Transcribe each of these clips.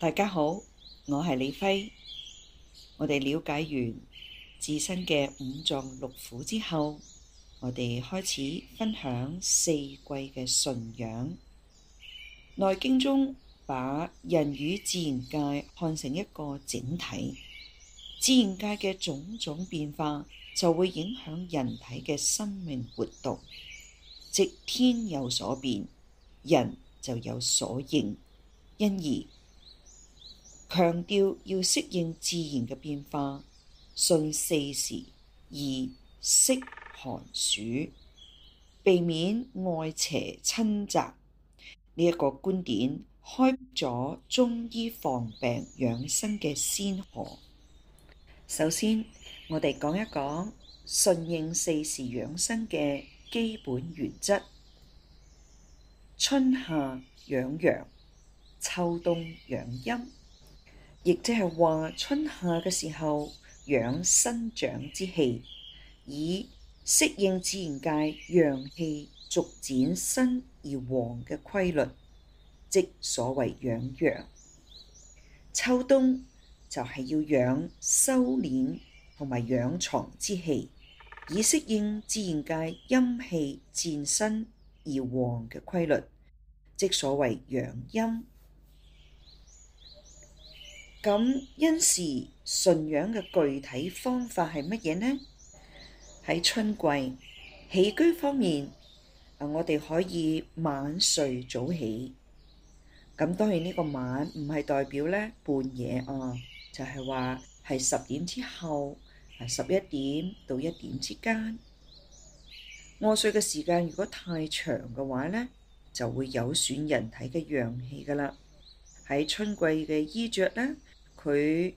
大家好，我係李輝。我哋了解完自身嘅五臟六腑之後，我哋開始分享四季嘅順養。內經中把人與自然界看成一個整體，自然界嘅種種變化就會影響人體嘅生命活動，即天有所變，人就有所應，因而。強調要適應自然嘅變化，順四時而適寒暑，避免外邪侵襲。呢一個觀點開咗中醫防病養生嘅先河。首先，我哋講一講順應四時養生嘅基本原則：春夏養陽，秋冬養陰。亦即係話，春夏嘅時候養生長之氣，以適應自然界陽氣逐漸生而旺嘅規律，即所謂養陽；秋冬就係要養收斂同埋養藏之氣，以適應自然界陰氣漸生而旺嘅規律，即所謂養陰。咁因時順養嘅具體方法係乜嘢呢？喺春季起居方面，我哋可以晚睡早起。咁當然呢個晚唔係代表咧半夜，啊，就係話係十點之後，啊十一點到一點之間。臥睡嘅時間如果太長嘅話咧，就會有損人體嘅陽氣噶啦。喺春季嘅衣着咧。佢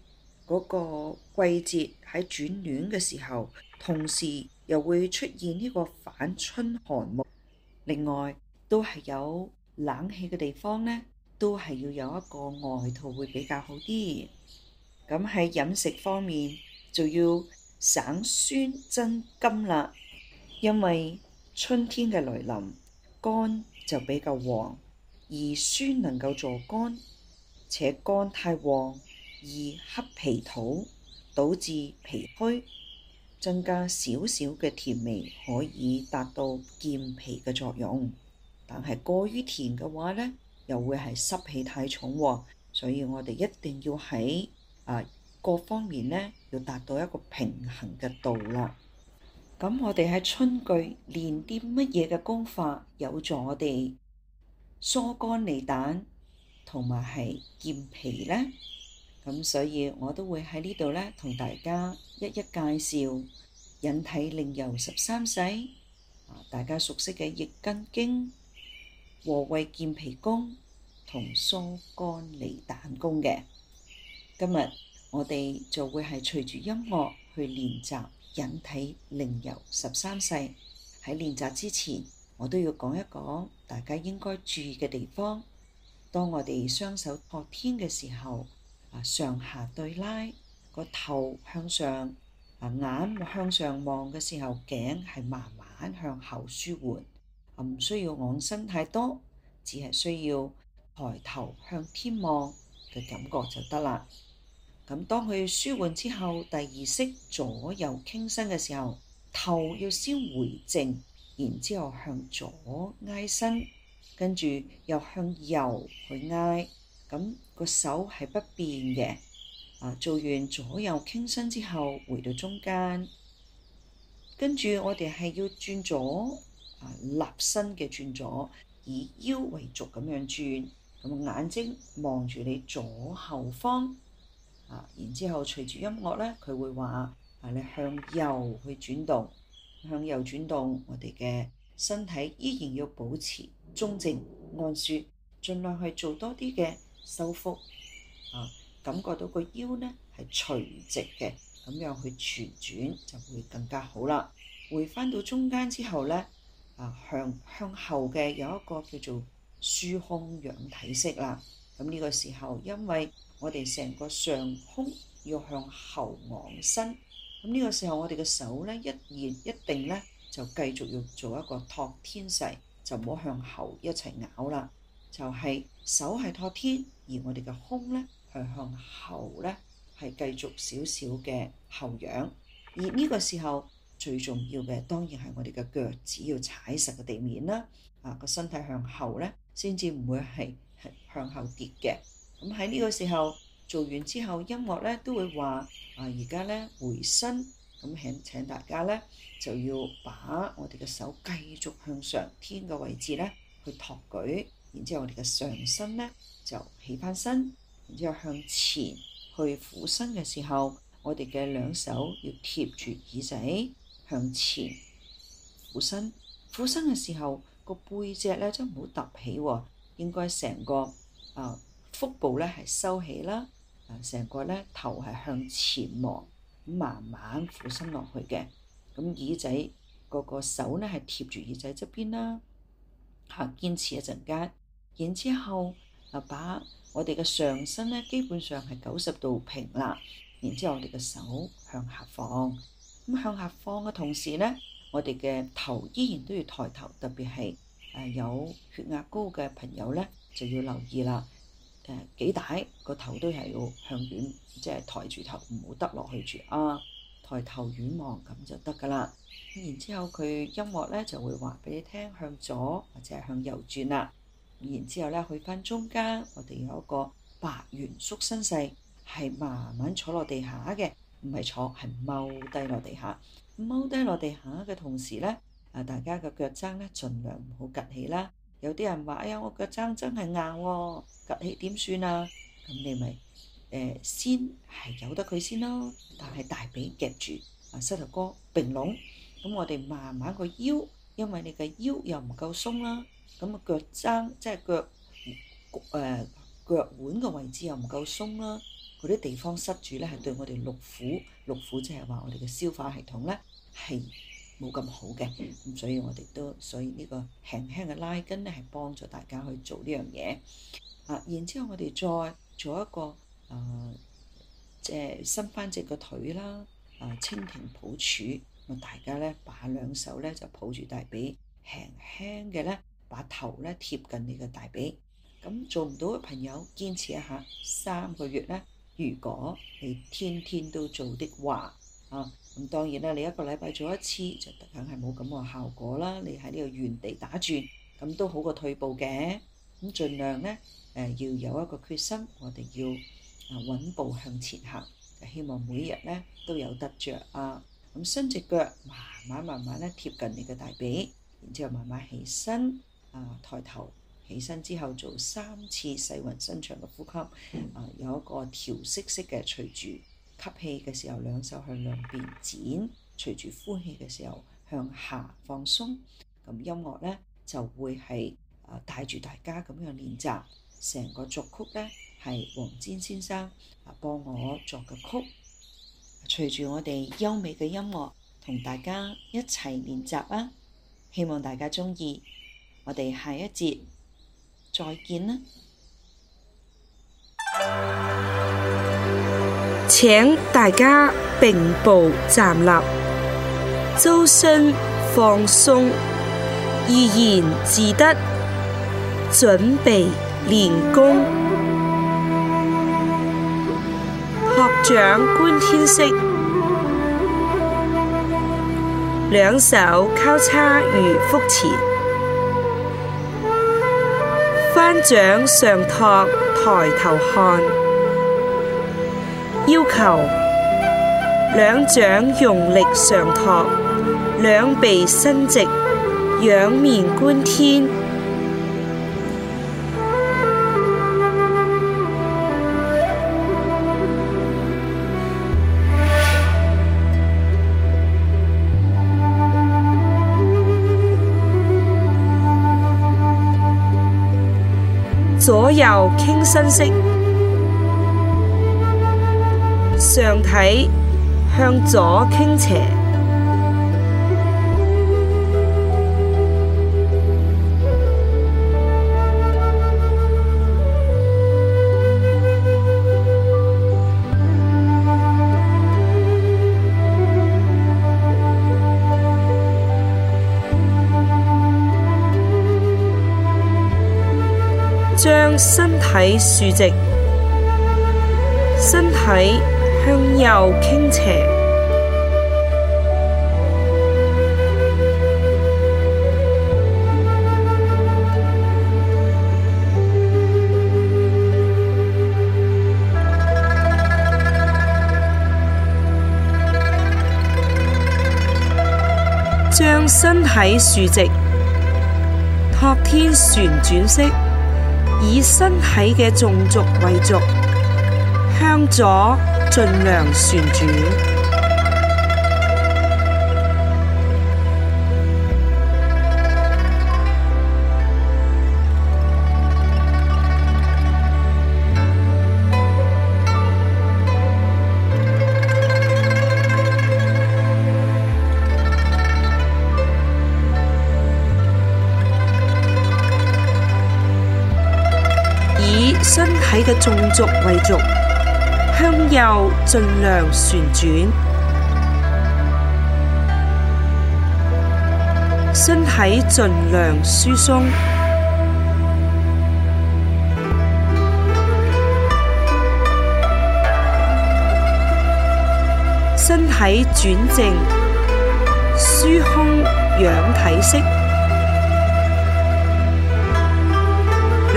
嗰個季節喺轉暖嘅時候，同時又會出現呢個反春寒幕。另外，都係有冷氣嘅地方呢，都係要有一個外套會比較好啲。咁喺飲食方面就要省酸增甘啦，因為春天嘅來臨，肝就比較旺，而酸能夠助肝，且肝太旺。易黑脾土，導致脾虛。增加少少嘅甜味可以達到健脾嘅作用，但係過於甜嘅話呢，又會係濕氣太重。所以我哋一定要喺啊各方面呢，要達到一個平衡嘅度啦。咁我哋喺春季練啲乜嘢嘅功法，有助我哋疏肝利膽同埋係健脾呢？咁所以，我都會喺呢度咧，同大家一一介紹引體令柔十三勢，啊，大家熟悉嘅易筋經、和胃健脾功同疏肝利膽功嘅。今日我哋就會係隨住音樂去練習引體令柔十三勢。喺練習之前，我都要講一講大家應該注意嘅地方。當我哋雙手托天嘅時候，上下對拉，個頭向上，眼向上望嘅時候，頸係慢慢向後舒緩，唔需要昂身太多，只係需要抬頭向天望嘅感覺就得啦。咁當佢舒緩之後，第二式左右傾身嘅時候，頭要先回正，然之後向左挨身，跟住又向右去挨。咁個手係不變嘅，啊做完左右傾身之後，回到中間，跟住我哋係要轉左，啊立身嘅轉左，以腰為軸咁樣轉，咁眼睛望住你左後方，啊然之後隨住音樂咧，佢會話，啊你向右去轉動，向右轉動，我哋嘅身體依然要保持中正安舒，盡量去做多啲嘅。收腹啊，感覺到個腰呢係垂直嘅，咁樣去旋轉就會更加好啦。回翻到中間之後呢，啊向向後嘅有一個叫做舒胸仰體式啦。咁呢個時候，因為我哋成個上胸要向後昂伸，咁呢個時候我哋嘅手呢，一然一定呢就繼續要做一個托天勢，就唔好向後一齊咬啦。就係手係托天。而我哋嘅胸咧，係向後咧，係繼續少少嘅後仰。而呢個時候最重要嘅，當然係我哋嘅腳，只要踩實個地面啦。啊，個身體向後咧，先至唔會係向後跌嘅。咁喺呢個時候做完之後，音樂咧都會話：啊，而家咧，回身。咁請請大家咧，就要把我哋嘅手繼續向上天嘅位置咧，去托舉。然之後，我哋嘅上身呢，就起返身，然之後向前去俯身嘅時候，我哋嘅兩手要貼住耳仔向前俯身。俯身嘅時候，個背脊咧真係唔好凸起，應該成個、啊、腹部咧係收起啦，啊，成個咧頭係向前望，慢慢俯身落去嘅。咁耳仔個個手咧係貼住耳仔側邊啦，嚇、啊、堅持一陣間。然之後，把我哋嘅上身呢，基本上係九十度平啦。然之後，我哋嘅手向下放，咁向下放嘅同時呢，我哋嘅頭依然都要抬頭，特別係有血壓高嘅朋友呢，就要留意啦。誒幾大個頭都係要向遠，即係抬住頭，唔好耷落去住啊！抬頭遠望咁就得㗎啦。然之後佢音樂呢就會話俾你聽，向左或者向右轉啦。然之後咧，去返中間，我哋有一個白圓縮身勢，係慢慢坐落地下嘅，唔係坐，係踎低落地下。踎低落地下嘅同時咧，啊大家嘅腳踭咧，儘量唔好趷起啦。有啲人話，哎呀，我腳踭真係硬喎，趷起點算啊？咁、啊、你咪誒、呃、先係由得佢先咯，但係大髀夾住，啊膝頭哥並攏。咁我哋慢慢個腰，因為你嘅腰又唔夠鬆啦。咁腳踭即係腳誒腳腕嘅位置又唔夠鬆啦，嗰啲地方塞住咧，係對我哋六腑，六腑即係話我哋嘅消化系統咧，係冇咁好嘅。咁所以我哋都所以呢個輕輕嘅拉筋咧，係幫助大家去做呢樣嘢。啊，然之後我哋再做一個誒，即係伸翻隻個腿啦。啊，蜻蜓抱柱，咁大家咧把兩手咧就抱住大髀，輕輕嘅咧。把頭咧貼近你嘅大髀，咁做唔到嘅朋友堅持一下三個月咧。如果你天天都做的話，啊，咁當然啦，你一個禮拜做一次就得，梗係冇咁個效果啦。你喺呢個原地打轉，咁都好過退步嘅。咁儘量咧誒、呃，要有一個決心，我哋要啊穩步向前行。希望每日咧都有得着啊！咁伸隻腳，慢慢慢慢咧貼近你嘅大髀，然之後慢慢起身。啊、抬頭起身之後，做三次細勻深長嘅呼吸。啊，有一個調息式嘅，隨住吸氣嘅時候，兩手向兩邊展；隨住呼氣嘅時候，向下放鬆。咁音樂呢，就會係啊，帶住大家咁樣練習。成個作曲呢，係黃霑先生啊幫我作嘅曲。隨住我哋優美嘅音樂，同大家一齊練習啦。希望大家中意。我哋下一節再見啦！請大家併步站立，周身放鬆，怡然自得，準備練功。舉掌觀天色，兩手交叉於腹前。兩掌上托，抬頭看，要求兩掌用力上托，兩臂伸直，仰面觀天。左右傾身式，上體向左傾斜。將身體豎直，身體向右傾斜，將身體豎直，托天旋轉式。以身體嘅縱軸為軸，向左盡量旋轉。身體嘅縱軸為軸，向右盡量旋轉，身體盡量舒鬆，身體轉正，舒胸仰體式。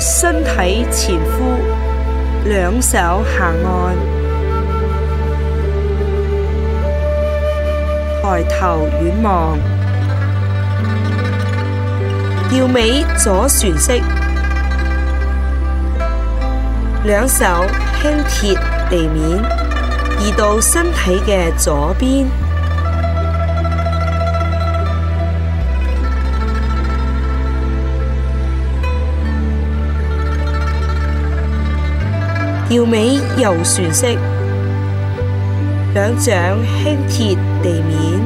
身體前俯，兩手下按，抬頭遠望，吊尾左旋式，兩手輕貼地面，移到身體嘅左邊。吊尾游船式，兩掌輕貼地面，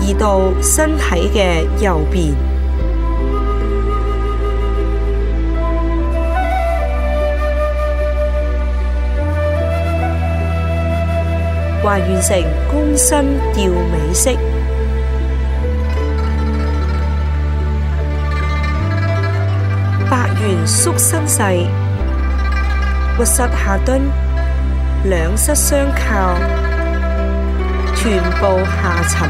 移到身體嘅右邊，還原成弓身吊尾式，百元縮身勢。屈膝下蹲，兩膝相靠，臀部下沉，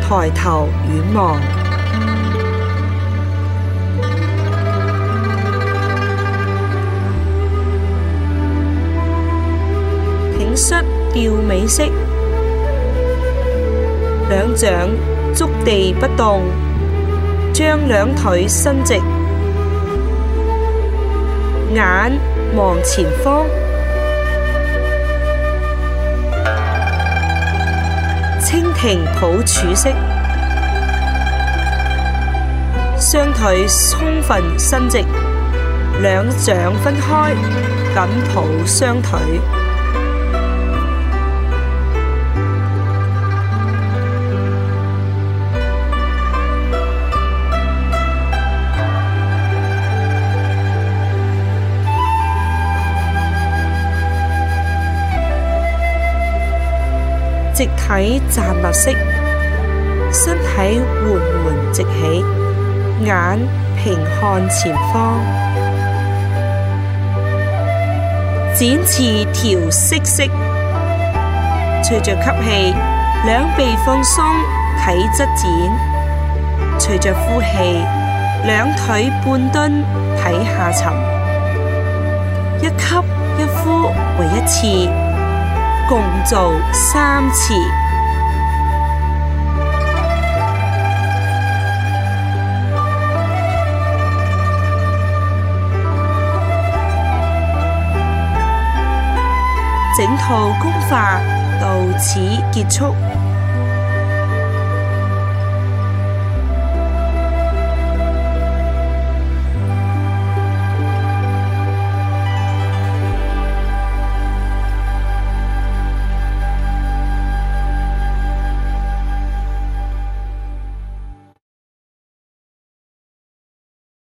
抬頭遠望，挺膝吊尾式，兩掌觸地不動，將兩腿伸直。眼望前方，蜻蜓抱柱式，雙腿充分伸直，兩掌分開，緊抱雙腿。直體站立式，身體緩緩直起，眼平看前方，展翅調息息。隨着吸氣，兩臂放鬆，體側展；隨着呼氣，兩腿半蹲，體下沉。一吸一呼為一次。共做三次，整套功法到此結束。